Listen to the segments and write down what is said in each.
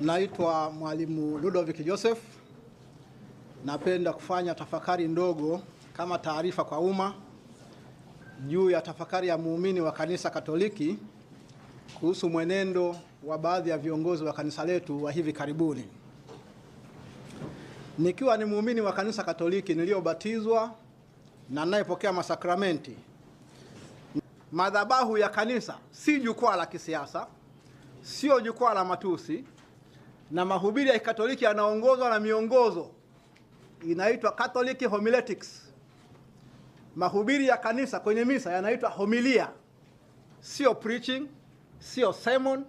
Naitwa Mwalimu Ludovic Joseph. Napenda kufanya tafakari ndogo kama taarifa kwa umma juu ya tafakari ya muumini wa Kanisa Katoliki kuhusu mwenendo wa baadhi ya viongozi wa kanisa letu wa hivi karibuni. Nikiwa ni muumini wa Kanisa Katoliki niliyobatizwa na ninayepokea masakramenti, madhabahu ya kanisa si jukwaa la kisiasa, sio jukwaa la matusi na mahubiri ya Kikatoliki yanaongozwa na miongozo inaitwa Catholic Homiletics. Mahubiri ya kanisa kwenye misa yanaitwa homilia, sio preaching, sio sermon,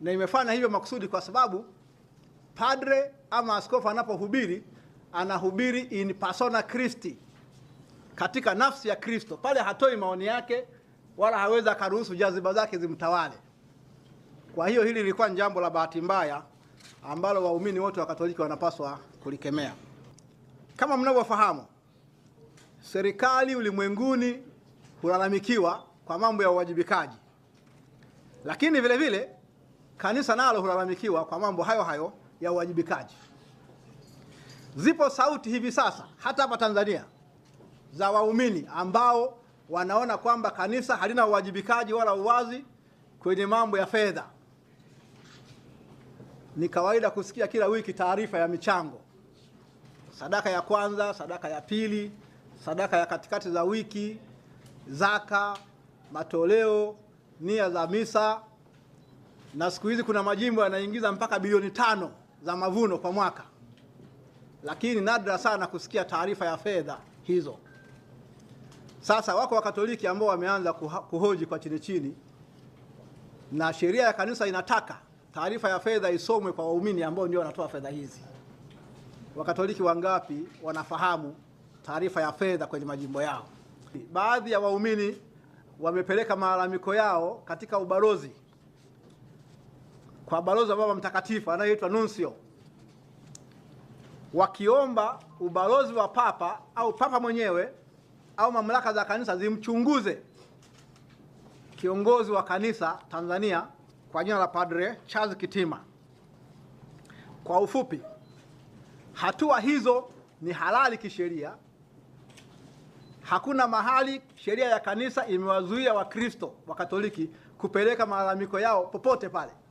na imefanya hivyo makusudi kwa sababu padre ama askofu anapohubiri anahubiri in persona Christi, katika nafsi ya Kristo. Pale hatoi maoni yake wala hawezi akaruhusu jaziba zake zimtawale. Kwa hiyo hili lilikuwa ni jambo la bahati mbaya ambalo waumini wote wa Katoliki wanapaswa kulikemea. Kama mnavyofahamu, serikali ulimwenguni hulalamikiwa kwa mambo ya uwajibikaji, lakini vile vile kanisa nalo hulalamikiwa kwa mambo hayo hayo ya uwajibikaji. Zipo sauti hivi sasa hata hapa Tanzania za waumini ambao wanaona kwamba kanisa halina uwajibikaji wala uwazi kwenye mambo ya fedha ni kawaida kusikia kila wiki taarifa ya michango, sadaka ya kwanza, sadaka ya pili, sadaka ya katikati za wiki, zaka, matoleo, nia za misa, na siku hizi kuna majimbo yanaingiza mpaka bilioni tano za mavuno kwa mwaka, lakini nadra sana kusikia taarifa ya fedha hizo. Sasa wako Wakatoliki ambao wameanza kuhoji kwa chini chini, na sheria ya kanisa inataka taarifa ya fedha isomwe kwa waumini ambao ndio wanatoa fedha hizi. Wakatoliki wangapi wanafahamu taarifa ya fedha kwenye majimbo yao? Baadhi ya waumini wamepeleka malalamiko yao katika ubalozi, kwa balozi wa Baba Mtakatifu anayeitwa Nuncio, wakiomba ubalozi wa Papa au Papa mwenyewe au mamlaka za kanisa zimchunguze kiongozi wa kanisa Tanzania kwa jina la Padre Charles Kitima. Kwa ufupi, hatua hizo ni halali kisheria. Hakuna mahali sheria ya kanisa imewazuia Wakristo wa Katoliki kupeleka malalamiko yao popote pale.